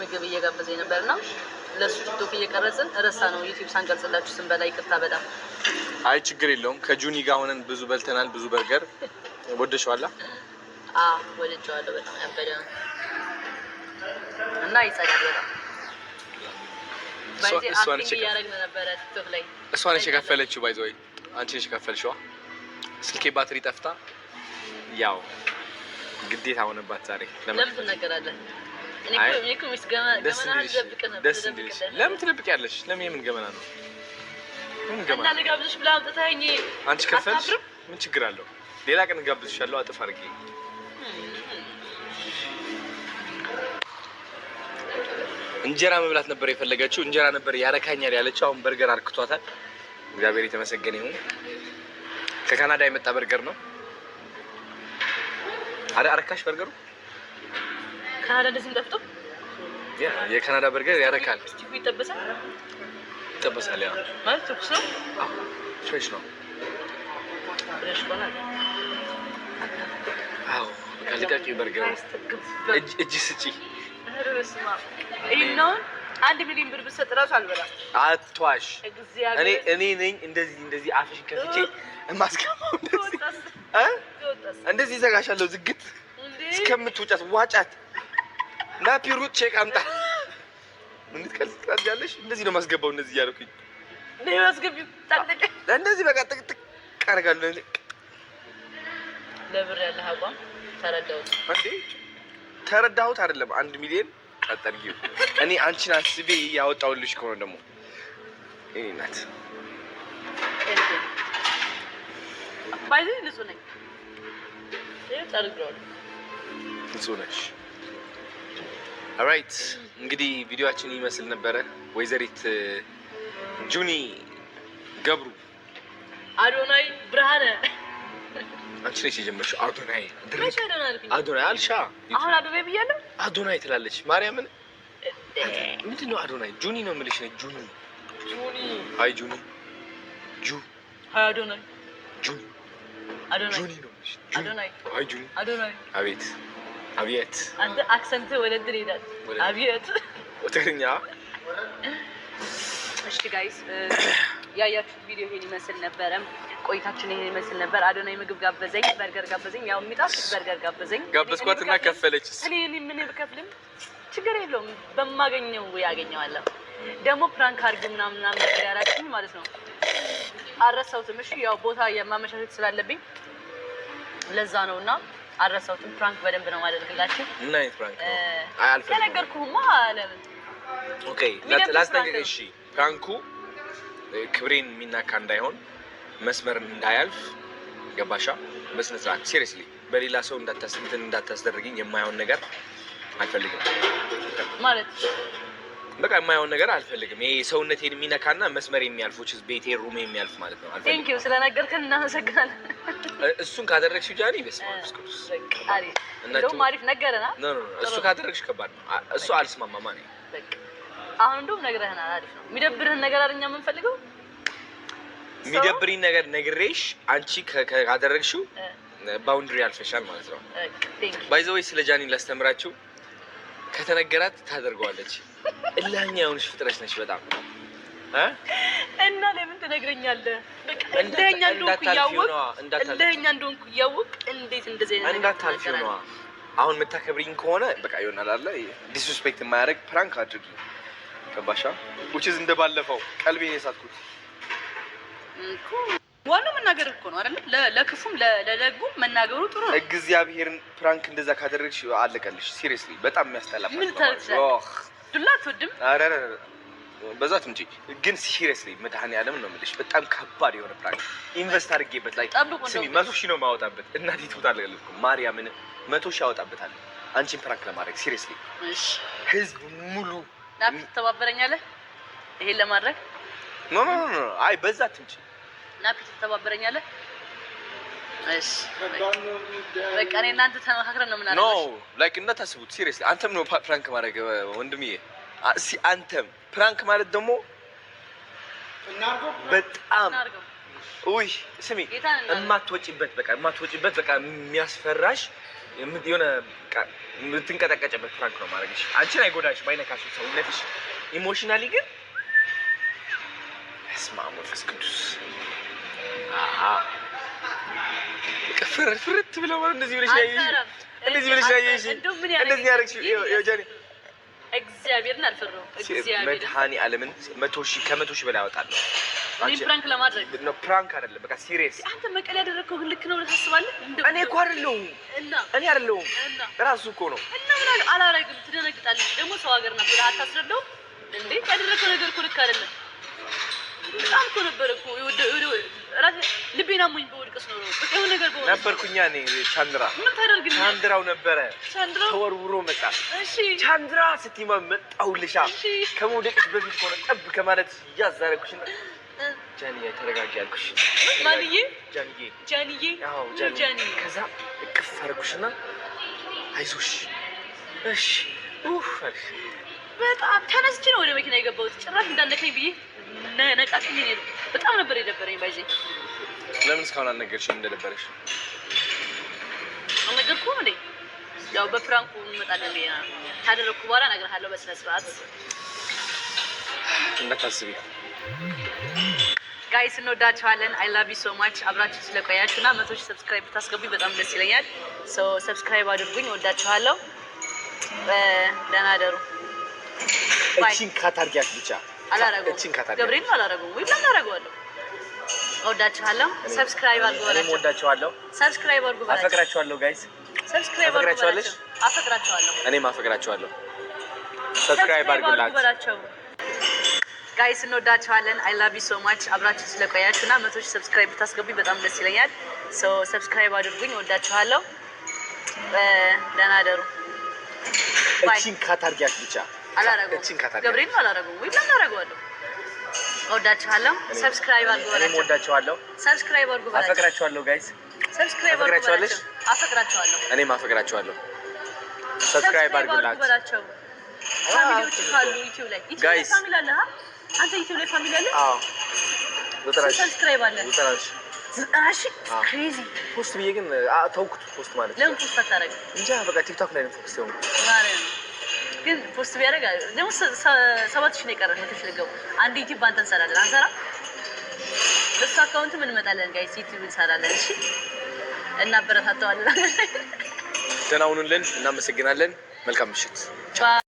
ምግብ እየጋበዘኝ ነበር እና ለእሱ ቲክቶክ እየቀረጽን ረሳ ነው ዩቲብ ሳንቀርጽላችሁ ስንበላ ይቅርታ በጣም አይ ችግር የለውም ከጁኒ ጋር ሆነን ብዙ በልተናል ብዙ በርገር ወደሸዋላ ወደቸዋለሁ በጣም ያበደ እና ይጸዳል በጣም እሷ ነች የከፈለችው። ባይዘ ወይ አንቺ ነች የከፈልሽዋ። ስልኬ ባትሪ ጠፍታ ያው ግዴታ ሆነባት ዛሬ ለምን ትነገራለህ? ደስ እንዲልሽ ለምን ትደብቂያለሽ? ለምን የምን ገመና ነው? አንቺ ከፈልሽ ምን ችግር አለው? ሌላ ቀን ያለው አጥፍ አድርጌ እንጀራ መብላት ነበር የፈለገችው። እንጀራ ነበር ያረካኛል ያለችው። አሁን በርገር አርክቷታል። እግዚአብሔር የተመሰገነ ይሁን። ከካናዳ የመጣ በርገር ነው። አረ አረካሽ በርገሩ ካናዳ ደስ እንደፍቶ የካናዳ በርገር ያረካል። ይጠበሳል ይጠበሳል። ያ ማለት ትኩስ ነው፣ ፍሬሽ ነው። አዎ ልቃቂ በርገር እጅ ስጪ። ይህናውን አንድ ሚሊዮን ብር ብትሰጥ እራሱ አልበላ። አትዋሽ። እኔ እኔ ነኝ እንደዚህ እንደዚህ አፍሽ ከፍቼ እማስገባው እንደዚህ እንደዚህ ይዘጋሻለሁ ዝግት እስከምትውጫት ዋጫት ናፒ ሩት ቼክ አምጣ። ምን ትቀልጣት ያለሽ? እንደዚህ ነው ማስገባው። እንደዚህ እያደረኩኝ ነው ማስገቢው። ታለቀ እንደዚህ በቃ ጥቅ ጥቅ አደርጋለሁ። ለብር ያለህ አቋም ተረዳሁት። እንዴ ተረዳሁት አይደለም አንድ ሚሊዮን አጠርጊው። እኔ አንቺን አስቤ ያወጣሁልሽ ከሆነ ደግሞ እኔ ናት ባይዘ ንጹህ ነኝ። ይሄ ታርጋው ንጹህ ነሽ አራይት እንግዲህ ቪዲዮአችን ይመስል ነበረ። ወይዘሪት uh, ጁኒ ገብሩ አዶናይ ብርሃነ አንቺ ነሽ የጀመርሽው። አዶናይ አዶናይ አልሻ አሁን አዶናይ ብያለሁ። አዶናይ ትላለች ማርያምን። ምንድን ነው አዶናይ? ጁኒ ነው የምልሽ ነው። ጁኒ ጁኒ አይ ጁኒ ጁ አይ አዶናይ ጁኒ አዶናይ ጁኒ ነው የምልሽ። አዶናይ አይ ጁኒ አዶናይ አቤት አብየት አንተ አክሰንት ወደ ድር ይላል። አብየት ትግርኛ። እሺ ጋይስ ያያችሁት ቪዲዮ ይሄን ይመስል ነበረ። ቆይታችን ይሄን ይመስል ነበር። አዶናይ ምግብ ጋበዘኝ፣ በርገር ጋበዘኝ። ያው የሚጣፍጥ በርገር ጋበዘኝ፣ ጋበዝኳት እና ከፈለች። እኔ ምን ብከፍልም ችግር የለውም በማገኘው ያገኘዋለሁ። ደግሞ ፕራንክ አድርጊ ምናምን ምናምን ነገር ያላችሁኝ ማለት ነው አረሳሁትም። እሺ ያው ቦታ የማመቻቸት ስላለብኝ ለዛ ነው እና አረሰውትም ፍራንክ በደንብ ነው ማደርግላችሁ። ምን አይነት ፕራንክ ነው? አያልፍም። ከነገርኩህማ ለምን ኦኬ፣ ላስጠንቅቅህ። እሺ፣ ፍራንኩ ክብሬን የሚናካ እንዳይሆን መስመርን እንዳያልፍ ገባሻ? በስነ ስርዓት ሲሪየስሊ፣ በሌላ ሰው እንዳታስደርግኝ የማይሆን ነገር አልፈልግም ማለት በቃ የማየውን ነገር አልፈልግም። ይሄ ሰውነቴን የሚነካና መስመር የሚያልፉ ቤቴ ሩሜ የሚያልፍ ማለት ነው። ቴንክ ዩ ስለነገርከን እናመሰግናለን። እሱን ካደረግሽ ጃኒ በስመ አብ አሪፍ ነገረና እሱ ካደረግሽ ከባድ ነው። እሱ አልስማማማ ነው። አሁን እንደውም ነግረህና አሪፍ ነው። የሚደብርህን ነገር አርኛ የምንፈልገው የሚደብሪኝ ነገር ነግሬሽ አንቺ ካደረግሽው ባውንድሪ አልፈሻል ማለት ነው። ባይዘወይ ስለ ጃኒ ላስተምራችሁ ከተነገራት ታደርገዋለች። እላኛ የሆንሽ ፍጥረሽ ነች በጣም እና ለምን ትነግረኛለህ? እንደኛ እንደሆንኩ እያወቅ እንደኛ እንደሆንኩ እያወቅ እንዴት እንደዚህ አይነት እንዳታልፊ ነዋ። አሁን የምታከብሪኝ ከሆነ በቃ ይሆናል አለ ዲስሪስፔክት የማያደርግ ፕራንክ አድርጊ። ገባሻ? ውችዝ እንደባለፈው ቀልቤ የሳትኩት ዋናው መናገር እኮ ነው አይደል? ለክፉም ለደጉም መናገሩ ጥሩ ነው። እግዚአብሔርን ፕራንክ እንደዛ ካደረግሽ አለቀልሽ። ሲሪየስሊ በጣም የሚያስጠላ ምን ታዛለሽ? ዱላ አትወድም? ኧረ በዛት እንጂ ግን ሲሪየስሊ መድኃኒዓለም ነው የምልሽ። በጣም ከባድ የሆነ ፕራንክ ኢንቨስት አድርጌበት ላይ ስሚ፣ መቶ ሺህ ነው የማወጣበት። እናቴ ትውጣለች እኮ ማርያምን፣ መቶ ሺህ አወጣበታል አንቺን ፕራንክ ለማድረግ ሲሪየስሊ። እሺ ህዝብ ሙሉ ናት ትተባበረኛለህ ይሄን ለማድረግ? ኖ ኖ ኖ፣ አይ በዛት እንጂ ናፒ ትተባበረኛለህ? እሺ በቃ እኔ እናንተ ተመካክረን ነው ምናምን። ኖ ላይክ እንዳታስቡት፣ ሲሪየስሊ አንተም ነው ፕራንክ ማድረግ ወንድምዬ። እስኪ አንተም ፕራንክ ማለት ደግሞ በጣም ውይ፣ ስሚ እማትወጪበት በቃ እማትወጪበት በቃ የሚያስፈራሽ የሆነ የምትንቀጠቀጭበት ፕራንክ ነው ማድረግሽ። አንቺን አይጎዳሽም፣ አይነካሽም ሰውነትሽ። ኢሞሽናሊ ግን ስማ መንፈስ ቅዱስ ፍርት ብለው እንደዚህ ብለሽ እንደዚህ ብለሽ ያየሽ እንደዚህ ያደረግሽ እግዚአብሔርን አልፈራሁም። መድኃኔ ዓለምን መቶ ሺህ ከመቶ ሺህ በላይ አወጣለሁ። ፕራንክ ለማድረግ ነው። ፕራንክ አይደለም፣ በቃ ሲሪየስ። አንተ መቀሌ ያደረግከው ልክ ነው ብለህ ታስባለህ? እኔ እኮ አይደለሁም፣ እኔ አይደለሁም፣ ራሱ እኮ ነው። እና ምን አለ አላረግም። ትደነግጣለች ደግሞ ሰው ሀገር ናት ብለህ አታስረዳው እንዴ? ያደረግከው ነገር እኮ ልክ አይደለም። በጣም እኮ ነበር እኮ ልቤን አሞኝ በወድቅስ ነው የሆነ ነገር ነበርኩኛ እኔ ቻንድራ ቻንድራው ነበረ ተወርውሮ መጣ። ቻንድራ ስትይማ መጣሁልሻ ከመውደቅሽ በፊት ከሆነ ጠብ ከማለት እያዛረኩሽ ጃንዬ ተረጋጊ አልኩሽ። ማንዬ ጃንዬ ጃንዬ ጃንዬ ከዛ እቅፍ አደረኩሽና አይዞሽ እሺ። በጣም ተነስቼ ነው ወደ መኪና የገባሁት ጭራሽ እንዳነካኝ ብዬ ነው በጣም ነበር የደበረኝ። ባይዜ ለምን እስካሁን አልነገርሽኝ እንደደበረሽ? አልነገርኩም እንዴ? ያው በፕራንኩ እንመጣለን ካደረግኩ በኋላ እነግርሃለሁ በስነ ስርዓት እንዳታስቢ። ጋይስ እንወዳችኋለን። አይ ላቭ ዩ ሶ ማች አብራችሁ ስለቆያችሁ እና መቶ ሺህ ሰብስክራይብ ብታስገቡኝ በጣም ደስ ይለኛል። ሰብስክራይብ አድርጉኝ። እወዳችኋለሁ። ደህና ደሩ። እቺን ካታርጊያት ብቻ አላረገውም። ገብርኤል አላረገውም። ወይም አላረገዋለሁ። እወዳችኋለሁ። ሰብስክራይብ አድርጉ። እወዳችኋለሁ። ሰብስክራይብ አድርጉ። አፈቅራችኋለሁ። ጋይስ ሰብስክራይብ አድርጉ። አፈቅራችኋለሁ። እኔም አፈቅራችኋለሁ። ሰብስክራይብ ጋይስ እንወዳችኋለን። አይ ላቭ ዩ ሶ ማች አብራችሁ ስለቆያችሁ እና መቶ ሺህ ሰብስክራይብ ብታስገቡኝ በጣም ደስ ይለኛል። ሶ ሰብስክራይብ አድርጉኝ። እወዳችኋለሁ። ደህና ደሩ። እቺን ካታርጊያት ብቻ አላረገውም፣ ገብርኤል አላረገውም። ወይ እናደርገዋለሁ። እወዳችኋለሁ። ሰብስክራይብ አድርጉ በላቸው። እወዳችኋለሁ። ሰብስክራይብ አድርጉ በላቸው። አፈቅራችኋለሁ። ጋይስ ሰብስክራይብ አድርጉ በላቸው። አፈቅራችኋለሁ። እኔም አፈቅራችኋለሁ። ሰብስክራይብ አድርጉ በላቸው። ፋሚሊዎች ካሉ ዩቲዩብ ላይ ጋይስ፣ ፋሚሊ አለ። አንተ ዩቲዩብ ላይ ፋሚሊ አለ። አዎ ፖስት ብዬ ግን ተውኩት። ፖስት ማለት ለምን ፖስት አታደርግም? እንጃ በቃ ቲክቶክ ላይ ነው ፎክስ የሆንኩት። ግን ፖስት ቢያደርግ ደግሞ ሰባት ሺህ ነው የቀረን መቶ ሺህ ልገቡ። አንድ ዩቲብ በአንተ እንሰራለን አንሰራ እሱ አካውንትም እንመጣለን ጋይስ ዩቲብ እንሰራለን። እሺ እናበረታተዋለን። ደህና ሁኑልን። እናመሰግናለን። መልካም ምሽት።